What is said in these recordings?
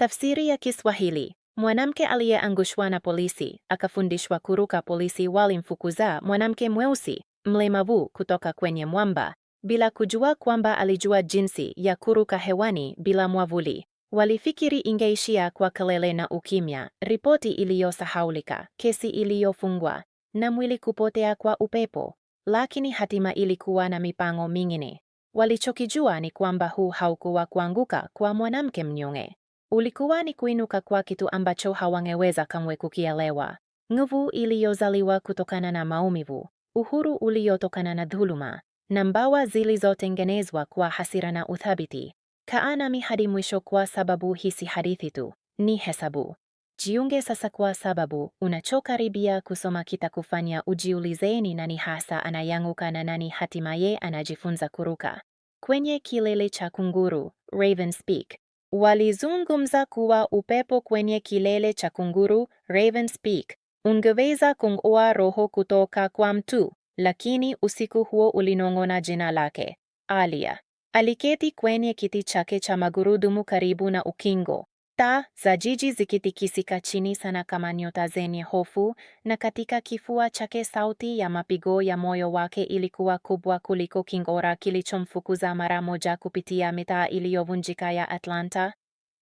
Tafsiri ya Kiswahili: mwanamke aliyeangushwa na polisi akafundishwa kuruka. Polisi walimfukuza mwanamke mweusi mlemavu kutoka kwenye mwamba bila kujua kwamba alijua jinsi ya kuruka hewani bila mwavuli. Walifikiri ingeishia kwa kelele na ukimya, ripoti iliyosahaulika, kesi iliyofungwa na mwili kupotea kwa upepo, lakini hatima ilikuwa na mipango mingine. Walichokijua ni kwamba huu haukuwa kuanguka kwa mwanamke mnyonge, Ulikuwa ni kuinuka kwa kitu ambacho hawangeweza kamwe kukielewa, nguvu iliyozaliwa kutokana na maumivu, uhuru uliotokana na dhuluma, na mbawa zilizotengenezwa kwa hasira na uthabiti. Kaa nami hadi mwisho, kwa sababu hii si hadithi tu, ni hesabu. Jiunge sasa, kwa sababu unachokaribia kusoma kitakufanya ujiulize ni nani hasa anayanguka na nani hatimaye anajifunza kuruka kwenye kilele cha kunguru. Raven Speak. Walizungumza kuwa upepo kwenye kilele cha kunguru, Raven's Peak, ungeweza kung'oa roho kutoka kwa mtu, lakini usiku huo ulinong'ona jina lake, Alia. Aliketi kwenye kiti chake cha magurudumu karibu na ukingo, Taa za jiji zikitikisika chini sana kama nyota zenye hofu, na katika kifua chake sauti ya mapigo ya moyo wake ilikuwa kubwa kuliko kingora kilichomfukuza mara moja kupitia mitaa iliyovunjika ya Atlanta.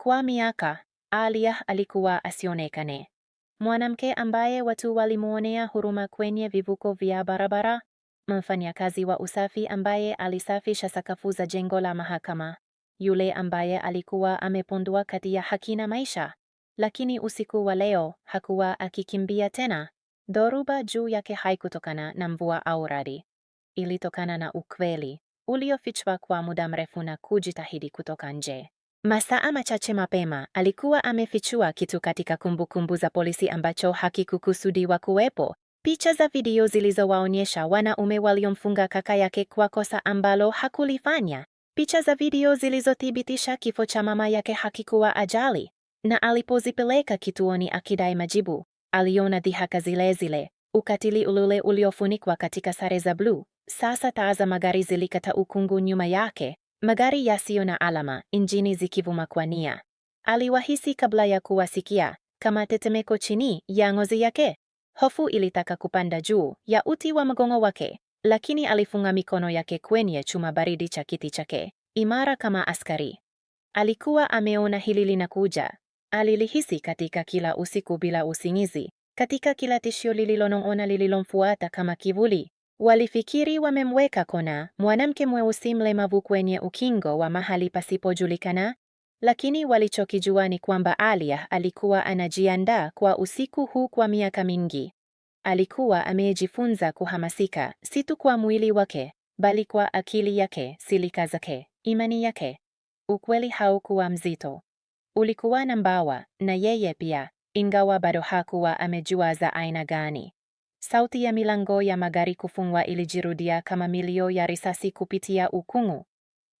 Kwa miaka, Alia alikuwa asionekane, mwanamke ambaye watu walimwonea huruma kwenye vivuko vya barabara, mfanyakazi wa usafi ambaye alisafisha sakafu za jengo la mahakama yule ambaye alikuwa amepondwa kati ya haki na maisha. Lakini usiku wa leo hakuwa akikimbia tena. Dhoruba juu yake haikutokana na mvua au radi, ilitokana na ukweli uliofichwa kwa muda mrefu na kujitahidi kutoka nje. Masaa machache mapema alikuwa amefichua kitu katika kumbukumbu kumbu za polisi ambacho hakikukusudiwa kuwepo: picha za video zilizowaonyesha wanaume waliomfunga kaka yake kwa kosa ambalo hakulifanya. Picha za video zilizothibitisha kifo cha mama yake hakikuwa ajali, na alipozipeleka kituoni akidai majibu, aliona dhihaka zile zile, ukatili ulule uliofunikwa katika sare za bluu. Sasa taa za magari zilikata ukungu nyuma yake, magari yasiyo na alama, injini zikivuma kwa nia. Aliwahisi kabla ya kuwasikia, kama tetemeko chini ya ngozi yake. Hofu ilitaka kupanda juu ya uti wa mgongo wake, lakini alifunga mikono yake kwenye chuma baridi cha kiti chake, imara kama askari. Alikuwa ameona hili linakuja. Alilihisi katika kila usiku bila usingizi, katika kila tishio lililonong'ona lililomfuata kama kivuli. Walifikiri wamemweka kona, mwanamke mweusi mlemavu kwenye ukingo wa mahali pasipojulikana, lakini walichokijua ni kwamba Alia alikuwa anajiandaa kwa usiku huu kwa miaka mingi alikuwa amejifunza kuhamasika si tu kwa mwili wake, bali kwa akili yake, silika zake, imani yake. Ukweli haukuwa mzito, ulikuwa na mbawa, na yeye pia, ingawa bado hakuwa amejua za aina gani. Sauti ya milango ya magari kufungwa ilijirudia kama milio ya risasi kupitia ukungu.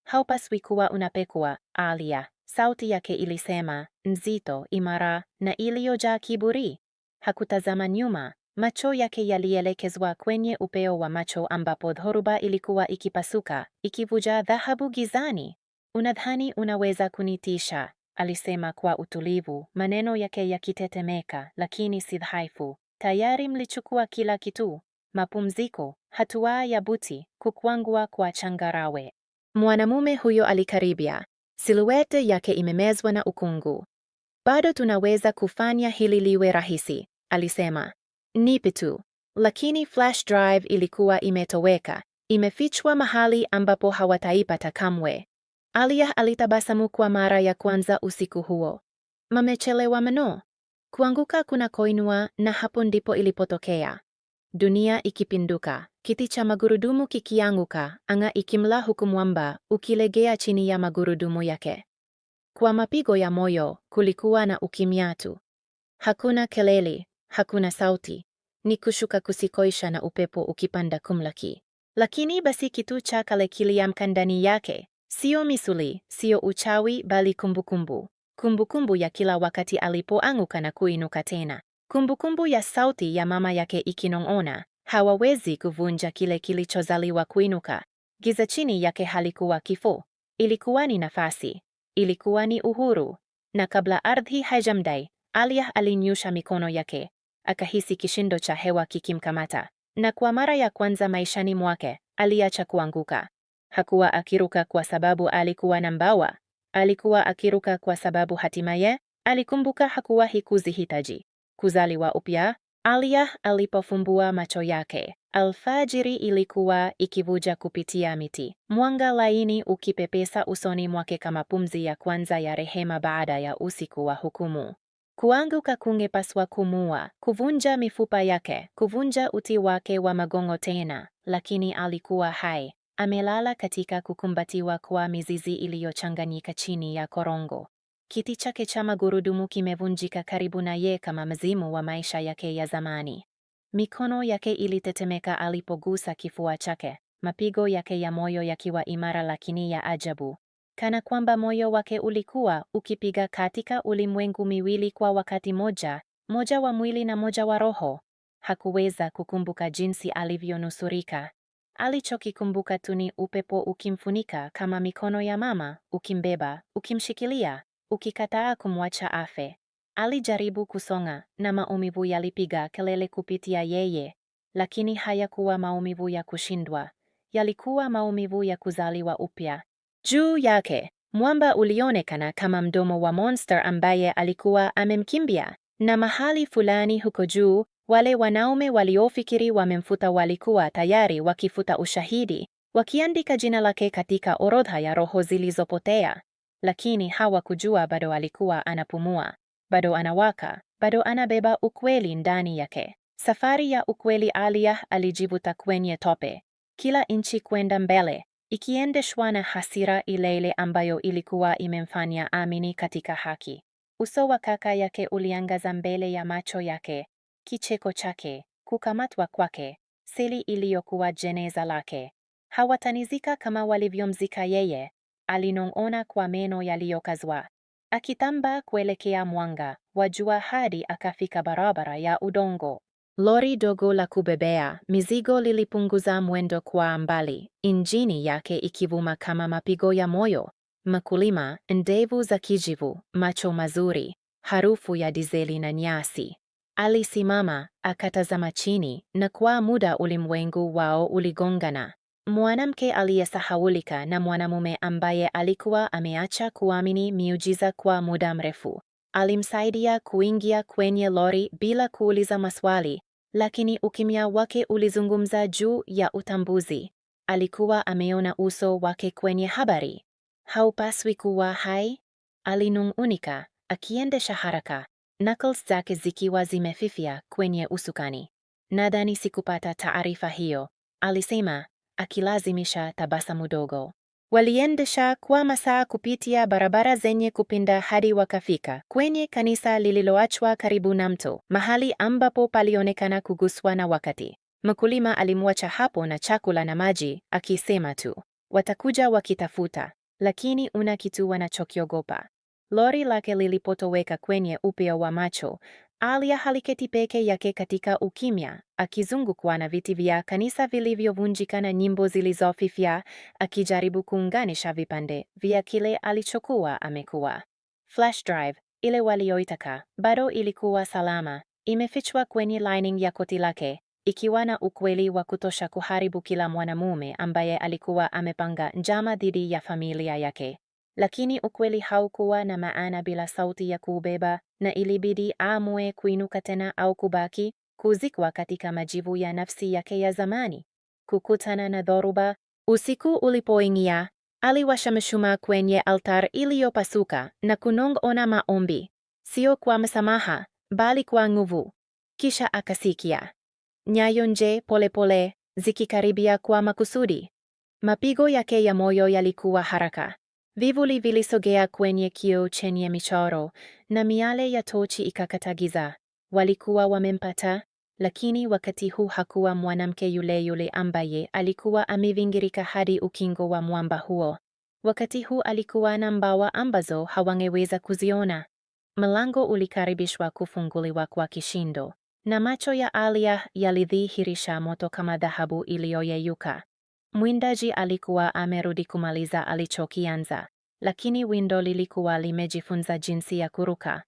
Haupaswi kuwa unapekua, Alia, sauti yake ilisema, nzito, imara na iliyojaa kiburi. Hakutazama nyuma, Macho yake yalielekezwa kwenye upeo wa macho ambapo dhoruba ilikuwa ikipasuka, ikivuja dhahabu gizani. Unadhani unaweza kunitisha? alisema kwa utulivu, maneno yake yakitetemeka, lakini si dhaifu. Tayari mlichukua kila kitu: mapumziko, hatua ya buti, kukwangwa kwa changarawe. Mwanamume huyo alikaribia, siluete yake imemezwa na ukungu. Bado tunaweza kufanya hili liwe rahisi, alisema nipe tu. Lakini flash drive ilikuwa imetoweka, imefichwa mahali ambapo hawataipata kamwe. Alia alitabasamu kwa mara ya kwanza usiku huo. Mamechelewa mno. Kuanguka kuna koinua, na hapo ndipo ilipotokea. Dunia ikipinduka, kiti cha magurudumu kikianguka, anga ikimla huku mwamba ukilegea chini ya magurudumu yake. Kwa mapigo ya moyo kulikuwa na ukimya tu. Hakuna kelele, hakuna sauti, ni kushuka kusikoisha na upepo ukipanda kumlaki. Lakini basi kitu cha kale kiliamka ndani yake, sio misuli, sio uchawi, bali kumbukumbu, kumbukumbu ya kila wakati alipoanguka na kuinuka tena, kumbukumbu ya sauti ya mama yake ikinong'ona, hawawezi kuvunja kile kilichozaliwa kuinuka. Giza chini yake halikuwa kifo, ilikuwa ni nafasi, ilikuwa ni uhuru. Na kabla ardhi haijamdai, Alia alinyusha mikono yake, akahisi kishindo cha hewa kikimkamata, na kwa mara ya kwanza maishani mwake aliacha kuanguka. Hakuwa akiruka kwa sababu alikuwa na mbawa, alikuwa akiruka kwa sababu hatimaye alikumbuka hakuwahi kuzihitaji. Kuzaliwa upya. Alia alipofumbua macho yake, alfajiri ilikuwa ikivuja kupitia miti, mwanga laini ukipepesa usoni mwake kama pumzi ya kwanza ya rehema baada ya usiku wa hukumu. Kuanguka kungepaswa kumua, kuvunja mifupa yake, kuvunja uti wake wa magongo tena, lakini alikuwa hai, amelala katika kukumbatiwa kwa mizizi iliyochanganyika chini ya korongo. Kiti chake cha magurudumu kimevunjika karibu na ye kama mzimu wa maisha yake ya zamani. Mikono yake ilitetemeka alipogusa kifua chake, mapigo yake ya moyo yakiwa imara lakini ya ajabu kana kwamba moyo wake ulikuwa ukipiga katika ulimwengu miwili kwa wakati moja, moja wa mwili na moja wa roho. Hakuweza kukumbuka jinsi alivyonusurika. Alichokikumbuka tu ni upepo ukimfunika kama mikono ya mama, ukimbeba, ukimshikilia, ukikataa kumwacha afe. Alijaribu kusonga na maumivu yalipiga kelele kupitia yeye, lakini hayakuwa maumivu ya kushindwa. Yalikuwa maumivu ya kuzaliwa upya, juu yake mwamba ulionekana kama mdomo wa monster ambaye alikuwa amemkimbia, na mahali fulani huko juu, wale wanaume waliofikiri wamemfuta walikuwa tayari wakifuta ushahidi, wakiandika jina lake katika orodha ya roho zilizopotea. Lakini hawakujua bado alikuwa anapumua, bado anawaka, bado anabeba ukweli ndani yake. Safari ya ukweli. Alia alijivuta kwenye tope, kila inchi kwenda mbele ikiendeshwa na hasira ile ile ambayo ilikuwa imemfanya amini katika haki. Uso wa kaka yake uliangaza mbele ya macho yake, kicheko chake, kukamatwa kwake, seli iliyokuwa jeneza lake. Hawatanizika kama walivyomzika yeye, alinong'ona kwa meno yaliyokazwa, akitamba kuelekea mwanga wa jua hadi akafika barabara ya udongo. Lori dogo la kubebea mizigo lilipunguza mwendo kwa mbali, injini yake ikivuma kama mapigo ya moyo. Mkulima, ndevu za kijivu, macho mazuri, harufu ya dizeli na nyasi. Alisimama, akatazama chini, na kwa muda ulimwengu wao uligongana. Mwanamke aliyesahaulika na mwanamume ambaye alikuwa ameacha kuamini miujiza kwa muda mrefu. Alimsaidia kuingia kwenye lori bila kuuliza maswali, lakini ukimya wake ulizungumza juu ya utambuzi. Alikuwa ameona uso wake kwenye habari. Haupaswi kuwa hai, alinung'unika, akiendesha haraka, knuckles zake zikiwa zimefifia kwenye usukani. Nadhani sikupata taarifa hiyo, alisema, akilazimisha tabasamu dogo. Waliendesha kwa masaa kupitia barabara zenye kupinda hadi wakafika kwenye kanisa lililoachwa karibu na mto, mahali ambapo palionekana kuguswa na wakati. Mkulima alimwacha hapo na chakula na maji, akisema tu, watakuja wakitafuta, lakini una kitu wanachokiogopa. Lori lake lilipotoweka kwenye upeo wa macho, Alia haliketi peke yake katika ukimya, akizungukwa na viti vya kanisa vilivyovunjika na nyimbo zilizofifia, akijaribu kuunganisha vipande vya kile alichokuwa amekuwa. Flash drive ile walioitaka bado ilikuwa salama, imefichwa kwenye lining ya koti lake, ikiwa na ukweli wa kutosha kuharibu kila mwanamume ambaye alikuwa amepanga njama dhidi ya familia yake lakini ukweli haukuwa na maana bila sauti ya kuubeba, na ilibidi aamue kuinuka tena au kubaki kuzikwa katika majivu ya nafsi yake ya zamani. Kukutana na dhoruba. Usiku ulipoingia, aliwasha mshumaa kwenye altar iliyopasuka na kunong'ona maombi, sio kwa msamaha, bali kwa nguvu. Kisha akasikia nyayo nje polepole zikikaribia kwa makusudi. Mapigo yake ya moyo yalikuwa haraka, Vivuli vilisogea kwenye kioo chenye michoro na miale ya tochi ikakata giza. Walikuwa wamempata, lakini wakati huu hakuwa mwanamke yule yule ambaye alikuwa amevingirika hadi ukingo wa mwamba huo. Wakati huu alikuwa na mbawa ambazo hawangeweza kuziona. Mlango ulikaribishwa kufunguliwa kwa kishindo, na macho ya Alia yalidhihirisha moto kama dhahabu iliyoyeyuka. Mwindaji alikuwa amerudi kumaliza alichokianza, lakini windo lilikuwa limejifunza jinsi ya kuruka.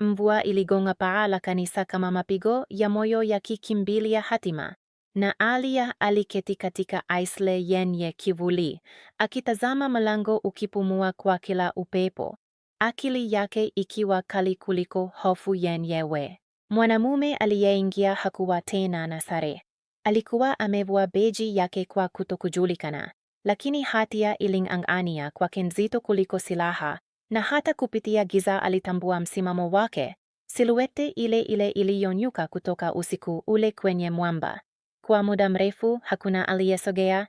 Mvua iligonga paa la kanisa kama mapigo ya moyo yakikimbilia hatima, na Alia aliketi katika aisle yenye kivuli, akitazama mlango ukipumua kwa kila upepo, akili yake ikiwa kali kuliko hofu yenyewe. Mwanamume aliyeingia hakuwa tena na sare, Alikuwa amevua beji yake kwa kutokujulikana, lakini hatia iling'ang'ania kwake nzito kuliko silaha, na hata kupitia giza alitambua msimamo wake, siluete ile ile iliyonyuka kutoka usiku ule kwenye mwamba. Kwa muda mrefu hakuna aliyesogea.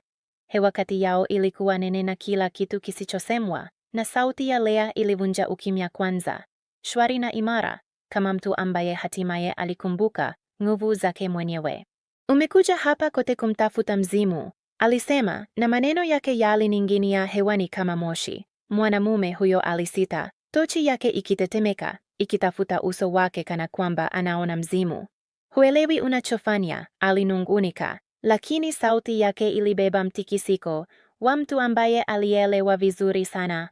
Hewa kati yao ilikuwa nene na kila kitu kisichosemwa, na sauti ya Lea ilivunja ukimya kwanza, shwari na imara, kama mtu ambaye hatimaye alikumbuka nguvu zake mwenyewe. Umekuja hapa kote kumtafuta mzimu, alisema, na maneno yake yalining'inia hewani kama moshi. Mwanamume huyo alisita, tochi yake ikitetemeka, ikitafuta uso wake kana kwamba anaona mzimu. Huelewi unachofanya, alinungunika, lakini sauti yake ilibeba mtikisiko wa mtu ambaye alielewa vizuri sana.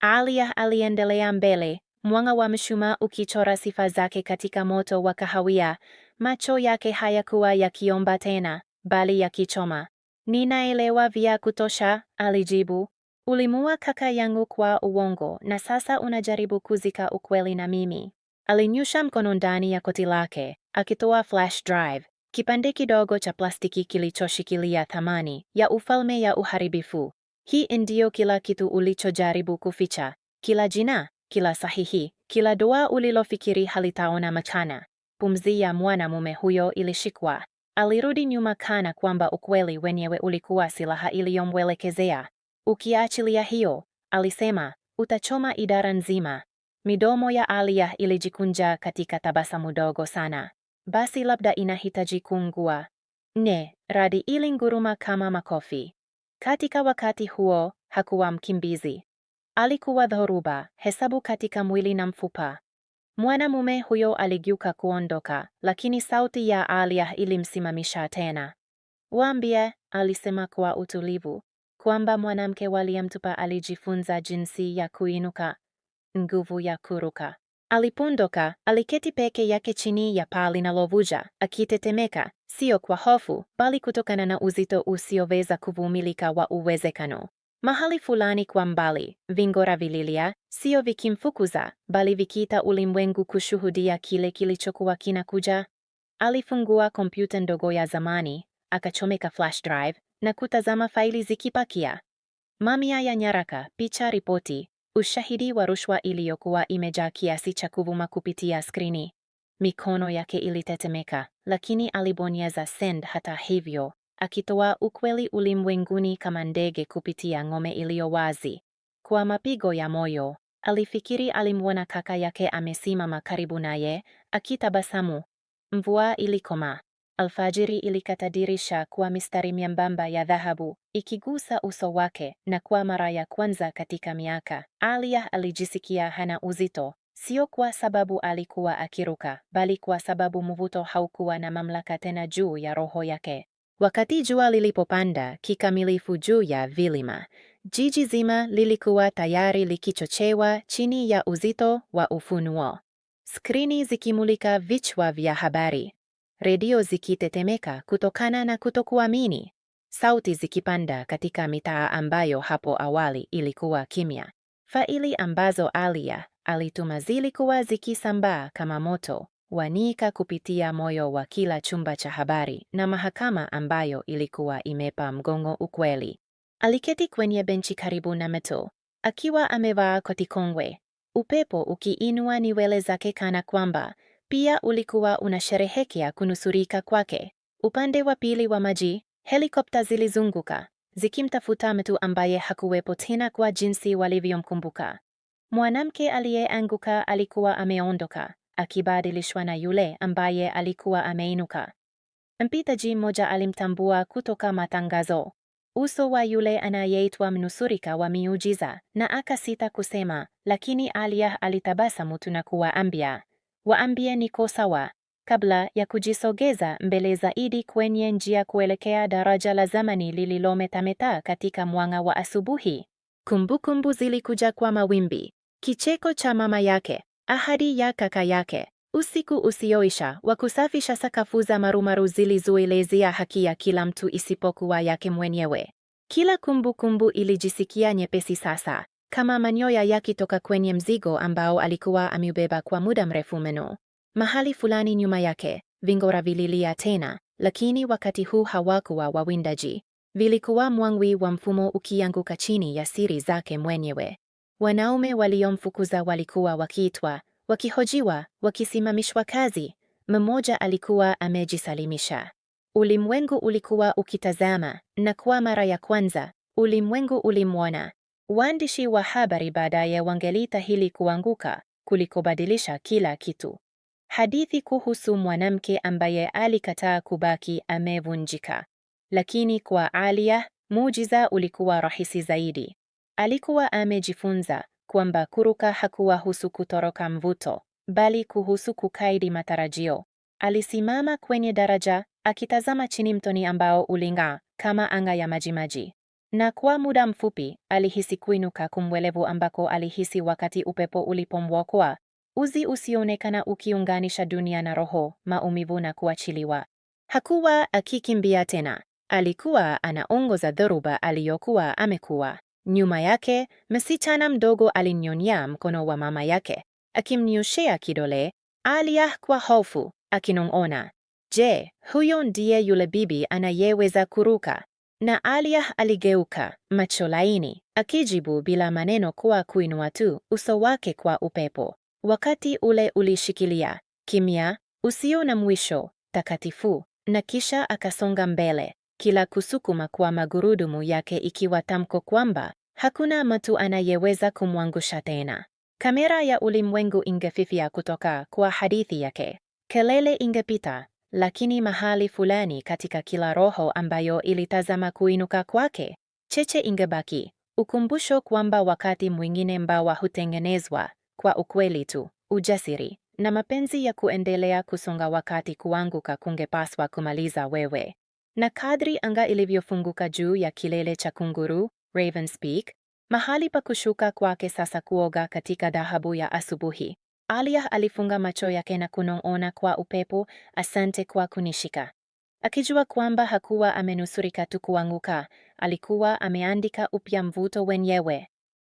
Alia aliendelea mbele, Mwanga wa mshumaa ukichora sifa zake katika moto wa kahawia, macho yake hayakuwa yakiomba tena, bali yakichoma. Ninaelewa vya kutosha, alijibu. Ulimua kaka yangu kwa uongo na sasa unajaribu kuzika ukweli na mimi. Alinyusha mkono ndani ya koti lake, akitoa flash drive, kipande kidogo cha plastiki kilichoshikilia thamani ya ufalme ya uharibifu. Hii ndiyo kila kitu ulichojaribu kuficha, kila jina, kila sahihi, kila dua ulilofikiri halitaona machana. Pumzi ya mwanamume huyo ilishikwa. Alirudi nyuma kana kwamba ukweli wenyewe ulikuwa silaha iliyomwelekezea. Ukiachilia hiyo, alisema, utachoma idara nzima. Midomo ya Alia ilijikunja katika tabasamu dogo sana. Basi labda inahitaji kuungua. Ne, radi ilinguruma kama makofi. Katika wakati huo, hakuwa mkimbizi. Alikuwa dhoruba, hesabu katika mwili na mfupa. Mwanamume huyo aligeuka kuondoka, lakini sauti ya Alia ilimsimamisha tena. Waambie, alisema kwa utulivu, kwamba mwanamke waliyemtupa alijifunza jinsi ya kuinuka, nguvu ya kuruka. Alipondoka, aliketi peke yake chini ya paa linalovuja, akitetemeka, sio kwa hofu, bali kutokana na uzito usioweza kuvumilika wa uwezekano mahali fulani kwa mbali, vingora vililia, sio vikimfukuza, bali vikiita ulimwengu kushuhudia kile kilichokuwa kinakuja. Alifungua kompyuta ndogo ya zamani, akachomeka flash drive na kutazama faili zikipakia. Mamia ya nyaraka, picha, ripoti, ushahidi wa rushwa iliyokuwa imejaa kiasi cha kuvuma kupitia skrini. Mikono yake ilitetemeka, lakini alibonyeza send hata hivyo akitoa ukweli ulimwenguni kama ndege kupitia ngome iliyo wazi. Kwa mapigo ya moyo, alifikiri alimwona kaka yake amesimama karibu naye akitabasamu. Mvua ilikoma. Alfajiri ilikata dirisha kwa mistari miambamba ya dhahabu ikigusa uso wake, na kwa mara ya kwanza katika miaka, Alia alijisikia hana uzito, sio kwa sababu alikuwa akiruka, bali kwa sababu mvuto haukuwa na mamlaka tena juu ya roho yake. Wakati jua lilipopanda kikamilifu juu ya vilima, jiji zima lilikuwa tayari likichochewa chini ya uzito wa ufunuo, skrini zikimulika vichwa vya habari, redio zikitetemeka kutokana na kutokuamini, sauti zikipanda katika mitaa ambayo hapo awali ilikuwa kimya. Faili ambazo Alia alituma zilikuwa zikisambaa kama moto, Wanika kupitia moyo wa kila chumba cha habari na mahakama ambayo ilikuwa imepa mgongo ukweli. Aliketi kwenye benchi karibu na mto, akiwa amevaa koti kongwe, upepo ukiinua nywele zake kana kwamba pia ulikuwa unasherehekea kunusurika kwake. Upande wa pili wa maji, helikopta zilizunguka zikimtafuta mtu ambaye hakuwepo tena kwa jinsi walivyomkumbuka. Mwanamke aliyeanguka alikuwa ameondoka, akibadilishwa na yule ambaye alikuwa ameinuka. Mpitaji mmoja alimtambua kutoka matangazo, uso wa yule anayeitwa mnusurika wa miujiza, na akasita kusema, lakini alitabasa alitabasamu na kuwaambia, waambie niko sawa, kabla ya kujisogeza mbele zaidi kwenye njia kuelekea daraja la zamani lililometameta katika mwanga wa asubuhi. Kumbukumbu zilikuja kwa mawimbi, kicheko cha mama yake Ahadi ya kaka yake, usiku usioisha wa kusafisha sakafu za marumaru zilizoelezea haki ya kila mtu isipokuwa yake mwenyewe. Kila kumbukumbu kumbu ilijisikia nyepesi sasa, kama manyoya yakitoka kwenye mzigo ambao alikuwa ameubeba kwa muda mrefu mno. Mahali fulani nyuma yake, vingora vililia tena, lakini wakati huu hawakuwa wawindaji. Vilikuwa mwangwi wa mfumo ukianguka chini ya siri zake mwenyewe. Wanaume waliomfukuza walikuwa wakiitwa, wakihojiwa, wakisimamishwa kazi. Mmoja alikuwa amejisalimisha. Ulimwengu ulikuwa ukitazama, na kwa mara ya kwanza ulimwengu ulimwona. Waandishi wa habari baadaye hili kuanguka kulikobadilisha kila kitu. Hadithi kuhusu mwanamke ambaye alikataa kubaki amevunjika, lakini kwa Alia muujiza ulikuwa rahisi zaidi. Alikuwa amejifunza kwamba kuruka hakuwahusu kutoroka mvuto, bali kuhusu kukaidi matarajio. Alisimama kwenye daraja akitazama chini mtoni ambao uling'aa kama anga ya majimaji, na kwa muda mfupi alihisi kuinuka kumwelevu ambako alihisi wakati upepo ulipomwokoa, uzi usioonekana ukiunganisha dunia na roho, maumivu na kuachiliwa. Hakuwa akikimbia tena, alikuwa anaongoza dhoruba aliyokuwa amekuwa. Nyuma yake, msichana mdogo alinyonya mkono wa mama yake, akimnyoshea kidole. Aliah kwa hofu, akinong'ona, je, huyo ndiye yule bibi anayeweza kuruka? Na Aliah aligeuka, macho laini, akijibu bila maneno kwa kuinua tu uso wake kwa upepo. Wakati ule ulishikilia kimya usio na mwisho takatifu, na kisha akasonga mbele kila kusukuma kwa magurudumu yake ikiwa tamko kwamba hakuna mtu anayeweza kumwangusha tena. Kamera ya ulimwengu ingefifia kutoka kwa hadithi yake. Kelele ingepita, lakini mahali fulani katika kila roho ambayo ilitazama kuinuka kwake, cheche ingebaki, ukumbusho kwamba wakati mwingine mbawa hutengenezwa kwa ukweli tu, ujasiri na mapenzi ya kuendelea kusonga wakati kuanguka kungepaswa kumaliza wewe na kadri anga ilivyofunguka juu ya kilele cha kunguru Raven's Peak, mahali pa kushuka kwake sasa kuoga katika dhahabu ya asubuhi. Alia alifunga macho yake na kunong'ona kwa upepo, asante kwa kunishika, akijua kwamba hakuwa amenusurika tu kuanguka, alikuwa ameandika upya mvuto wenyewe.